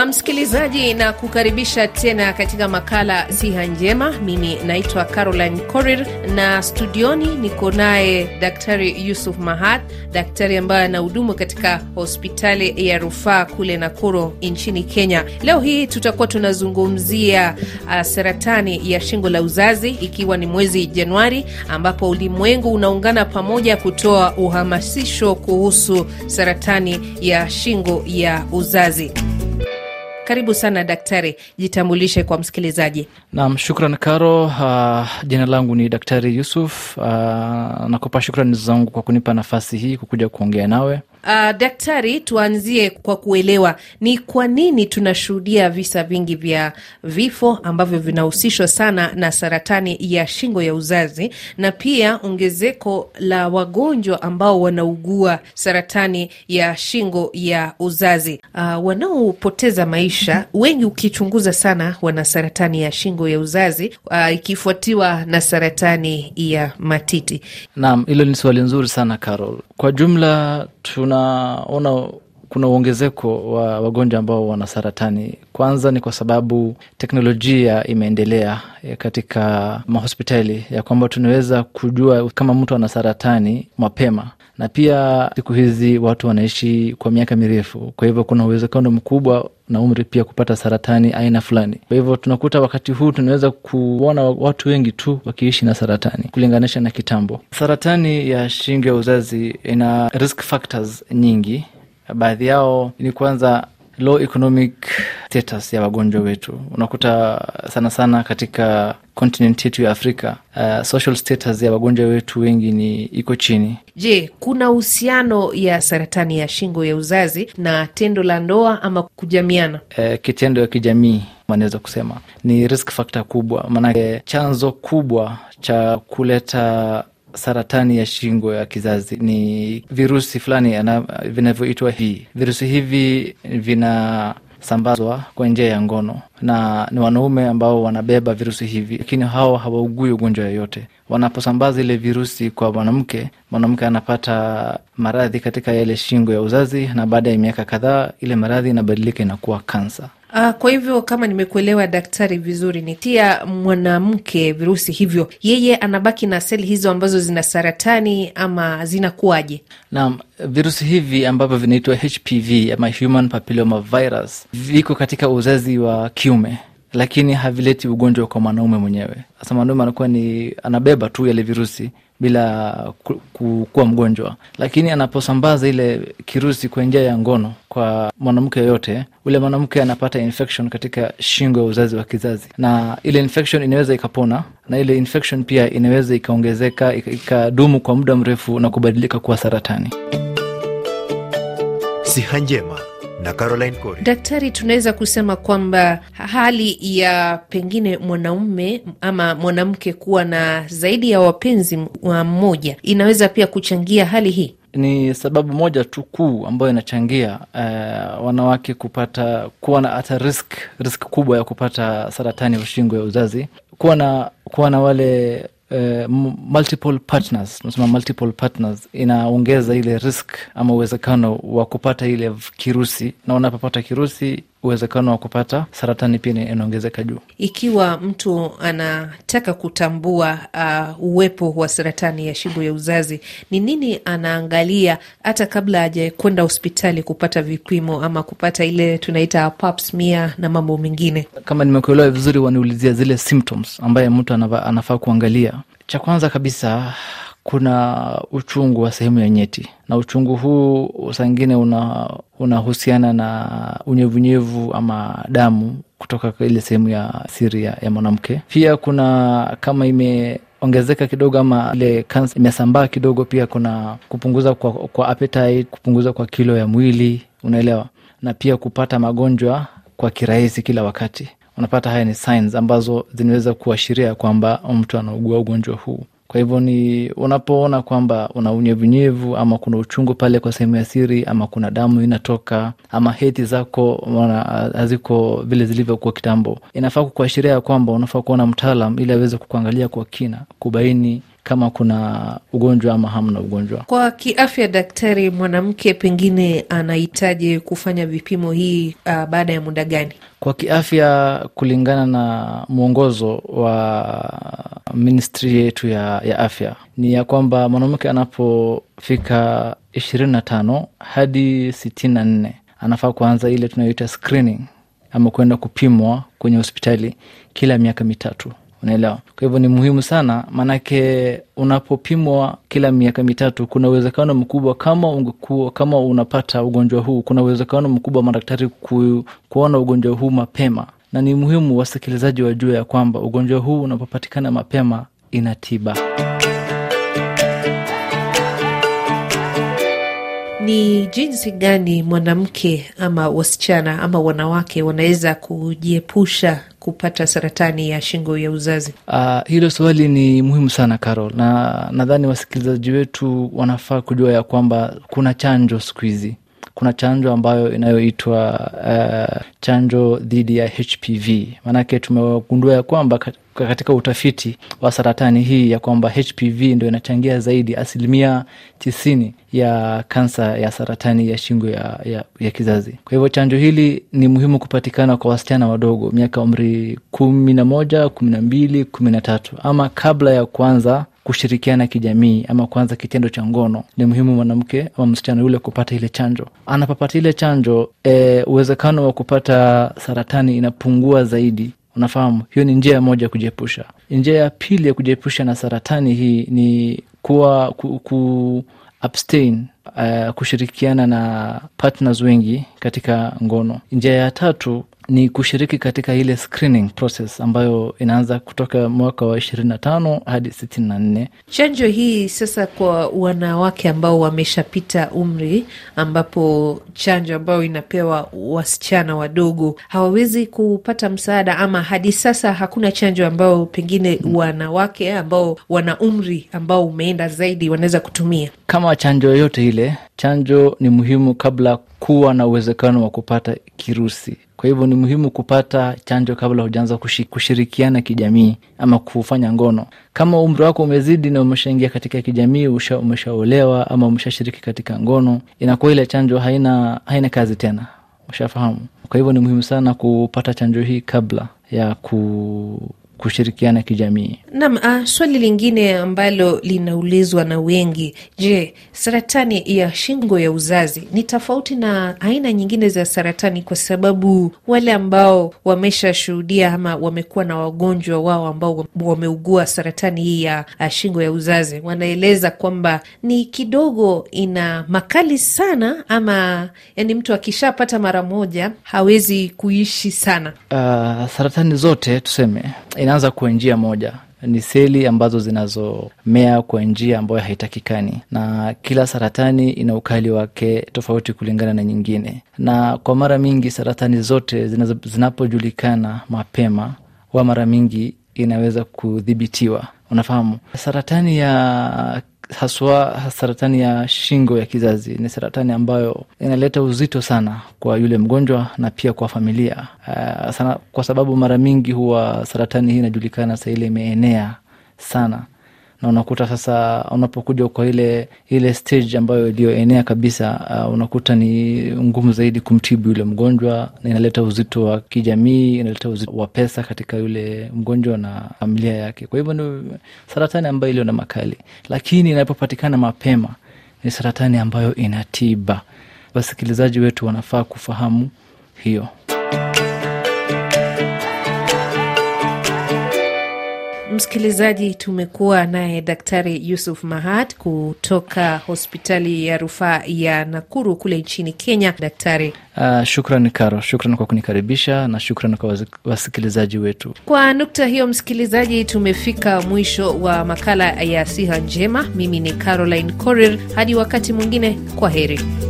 Ah, msikilizaji, na kukaribisha tena katika makala siha njema. Mimi naitwa Caroline corir na studioni niko naye Daktari Yusuf Mahat, daktari ambaye anahudumu katika hospitali ya rufaa kule Nakuru nchini Kenya. Leo hii tutakuwa tunazungumzia uh, saratani ya shingo la uzazi, ikiwa ni mwezi Januari ambapo ulimwengu unaungana pamoja kutoa uhamasisho kuhusu saratani ya shingo ya uzazi. Karibu sana daktari, jitambulishe kwa msikilizaji. Naam, shukran Karo. Uh, jina langu ni Daktari Yusuf. Uh, nakupa shukrani zangu kwa kunipa nafasi hii kukuja kuongea nawe. Uh, daktari, tuanzie kwa kuelewa ni kwa nini tunashuhudia visa vingi vya vifo ambavyo vinahusishwa sana na saratani ya shingo ya uzazi na pia ongezeko la wagonjwa ambao wanaugua saratani ya shingo ya uzazi. Uh, wanaopoteza maisha wengi, ukichunguza sana, wana saratani ya shingo ya uzazi uh, ikifuatiwa na saratani ya matiti. Naam, hilo ni swali nzuri sana Carol. Kwa jumla tun tunaona kuna uongezeko wa wagonjwa ambao wana saratani. Kwanza ni kwa sababu teknolojia imeendelea eh, katika mahospitali ya kwamba tunaweza kujua kama mtu ana saratani mapema na pia siku hizi watu wanaishi kwa miaka mirefu, kwa hivyo kuna uwezekano mkubwa na umri pia kupata saratani aina fulani. Kwa hivyo tunakuta wakati huu tunaweza kuona watu wengi tu wakiishi na saratani kulinganisha na kitambo. Saratani ya shingo ya uzazi ina risk factors nyingi, baadhi yao ni kwanza low economic status ya wagonjwa wetu. Unakuta sana sana katika kontinent yetu ya Afrika, uh, social status ya wagonjwa wetu wengi ni iko chini. Je, kuna uhusiano ya saratani ya shingo ya uzazi na tendo la ndoa ama kujamiana? Uh, kitendo ya kijamii anaweza kusema ni risk factor kubwa, maanake chanzo kubwa cha kuleta saratani ya shingo ya kizazi ni virusi fulani vinavyoitwa hii. Virusi hivi vina zinasambazwa kwa njia ya ngono, na ni wanaume ambao wanabeba virusi hivi, lakini hao hawaugui ugonjwa yoyote. Wanaposambaza ile virusi kwa mwanamke, mwanamke anapata maradhi katika yale shingo ya uzazi, na baada ya miaka kadhaa ile maradhi inabadilika, inakuwa kansa. Uh, kwa hivyo kama nimekuelewa daktari vizuri, ni pia mwanamke virusi hivyo, yeye anabaki na seli hizo ambazo zina saratani ama zinakuwaje? Naam, virusi hivi ambavyo vinaitwa HPV ama human papilloma virus viko katika uzazi wa kiume lakini havileti ugonjwa kwa mwanaume mwenyewe. Sasa mwanaume anakuwa ni anabeba tu yale virusi bila ku, ku, kuwa mgonjwa, lakini anaposambaza ile kirusi kwa njia ya ngono kwa mwanamke yoyote, ule mwanamke anapata infection katika shingo ya uzazi wa kizazi, na ile infection inaweza ikapona, na ile infection pia inaweza ikaongezeka ikadumu kwa muda mrefu na kubadilika kuwa saratani. Siha Njema na Caroline Kori. Daktari, tunaweza kusema kwamba hali ya pengine mwanaume ama mwanamke kuwa na zaidi ya wapenzi wa mmoja inaweza pia kuchangia hali hii? Ni sababu moja tu kuu ambayo inachangia uh, wanawake kupata kuwa na hata risk, risk kubwa ya kupata saratani ya shingo ya uzazi, kuwa na kuwa na wale uh, multiple partners, tunasema multiple partners inaongeza ile risk ama uwezekano wa kupata ile kirusi, na unapopata kirusi uwezekano wa kupata saratani pia inaongezeka juu. Ikiwa mtu anataka kutambua uh, uwepo wa saratani ya shingo ya uzazi, ni nini anaangalia hata kabla hajakwenda hospitali kupata vipimo ama kupata ile tunaita pap smear na mambo mengine? Kama nimekuelewa vizuri, waniulizia zile symptoms ambaye mtu anafaa kuangalia. Cha kwanza kabisa kuna uchungu wa sehemu ya nyeti, na uchungu huu sangine unahusiana una na unyevunyevu ama damu kutoka ile sehemu ya siri ya, ya mwanamke. Pia kuna kama ime ongezeka kidogo ama ile kansa imesambaa kidogo. Pia kuna kupunguza kwa, kwa appetite, kupunguza kwa kilo ya mwili, unaelewa, na pia kupata magonjwa kwa kirahisi kila wakati. Unapata haya ni signs ambazo zinaweza kuashiria kwamba mtu anaugua ugonjwa huu. Kwa hivyo ni unapoona kwamba una unyevunyevu ama kuna uchungu pale kwa sehemu ya siri ama kuna damu inatoka ama heti zako uh, haziko vile zilivyokuwa kitambo, inafaa kukuashiria ya kwamba unafaa kuona mtaalam ili aweze kukuangalia kwa kina, kubaini kama kuna ugonjwa ama hamna ugonjwa. Kwa kiafya, daktari, mwanamke pengine anahitaji kufanya vipimo hii uh, baada ya muda gani? Kwa kiafya, kulingana na mwongozo wa ministri yetu ya, ya afya ni ya kwamba mwanamke anapofika ishirini na tano hadi sitini na nne anafaa kuanza ile tunayoita screening ama kuenda kupimwa kwenye hospitali kila miaka mitatu. Unaelewa? Kwa hivyo ni muhimu sana, maanake unapopimwa kila miaka mitatu, kuna uwezekano mkubwa kama ungekuwa, kama unapata ugonjwa huu, kuna uwezekano mkubwa madaktari ku, kuona ugonjwa huu mapema, na ni muhimu wasikilizaji wa jua ya kwamba ugonjwa huu unapopatikana mapema ina tiba. ni jinsi gani mwanamke ama wasichana ama wanawake wanaweza kujiepusha kupata saratani ya shingo ya uzazi? Uh, hilo swali ni muhimu sana Carol, na nadhani wasikilizaji wetu wanafaa kujua ya kwamba kuna chanjo siku hizi kuna chanjo ambayo inayoitwa uh, chanjo dhidi ya HPV. Maanake tumegundua ya kwamba katika utafiti wa saratani hii ya kwamba HPV ndo inachangia zaidi asilimia tisini ya kansa ya saratani ya shingo ya, ya, ya kizazi. Kwa hivyo chanjo hili ni muhimu kupatikana kwa wasichana wadogo miaka umri kumi na moja, kumi na mbili, kumi na tatu ama kabla ya kuanza kushirikiana kijamii ama kuanza kitendo cha ngono, ni muhimu mwanamke ama msichana yule kupata ile chanjo. Anapopata ile chanjo, e, uwezekano wa kupata saratani inapungua zaidi. Unafahamu, hiyo ni njia moja ya kujiepusha. Njia ya pili ya kujiepusha na saratani hii ni kuwa ku, ku abstain uh, kushirikiana na partners wengi katika ngono. Njia ya tatu ni kushiriki katika ile screening process ambayo inaanza kutoka mwaka wa ishirini na tano hadi sitini na nne. Chanjo hii sasa kwa wanawake ambao wameshapita umri ambapo chanjo ambayo inapewa wasichana wadogo hawawezi kupata msaada, ama hadi sasa hakuna chanjo ambayo pengine mm. wanawake ambao wana umri ambao umeenda zaidi wanaweza kutumia kama chanjo yoyote ile. Chanjo ni muhimu kabla kuwa na uwezekano wa kupata kirusi kwa hivyo ni muhimu kupata chanjo kabla hujaanza kushirikiana kijamii ama kufanya ngono. Kama umri wako umezidi na umeshaingia katika kijamii, umeshaolewa ama umeshashiriki katika ngono, inakuwa ile chanjo haina, haina kazi tena, ushafahamu. Kwa hivyo ni muhimu sana kupata chanjo hii kabla ya ku kushirikiana kijamii. Naam, uh, swali lingine ambalo linaulizwa na wengi, je, saratani ya shingo ya uzazi ni tofauti na aina nyingine za saratani? Kwa sababu wale ambao wameshashuhudia ama wamekuwa na wagonjwa wao ambao wameugua saratani hii ya uh, shingo ya uzazi wanaeleza kwamba ni kidogo ina makali sana, ama yani mtu akishapata mara moja hawezi kuishi sana. Uh, saratani zote tuseme inaanza kwa njia moja ni seli ambazo zinazomea kwa njia ambayo haitakikani, na kila saratani ina ukali wake tofauti kulingana na nyingine. Na kwa mara mingi saratani zote zinapojulikana mapema, wa mara mingi inaweza kudhibitiwa. Unafahamu, saratani ya haswa saratani ya shingo ya kizazi ni saratani ambayo inaleta uzito sana kwa yule mgonjwa na pia kwa familia uh, sana, kwa sababu mara mingi huwa saratani hii inajulikana saa ile imeenea sana na unakuta sasa unapokuja kwa ile ile stage ambayo iliyoenea kabisa uh, unakuta ni ngumu zaidi kumtibu yule mgonjwa, na inaleta uzito wa kijamii, inaleta uzito wa pesa katika yule mgonjwa na familia yake. Kwa hivyo ni saratani ambayo iliyo na makali, lakini inapopatikana mapema ni saratani ambayo inatiba. Wasikilizaji wetu wanafaa kufahamu hiyo. msikilizaji, tumekuwa naye Daktari Yusuf Mahat kutoka hospitali ya rufaa ya Nakuru kule nchini Kenya. Daktari, uh, shukran Karo, shukran kwa kunikaribisha na shukran kwa wasikilizaji wetu. Kwa nukta hiyo, msikilizaji, tumefika mwisho wa makala ya siha njema. Mimi ni Caroline Korir, hadi wakati mwingine, kwa heri.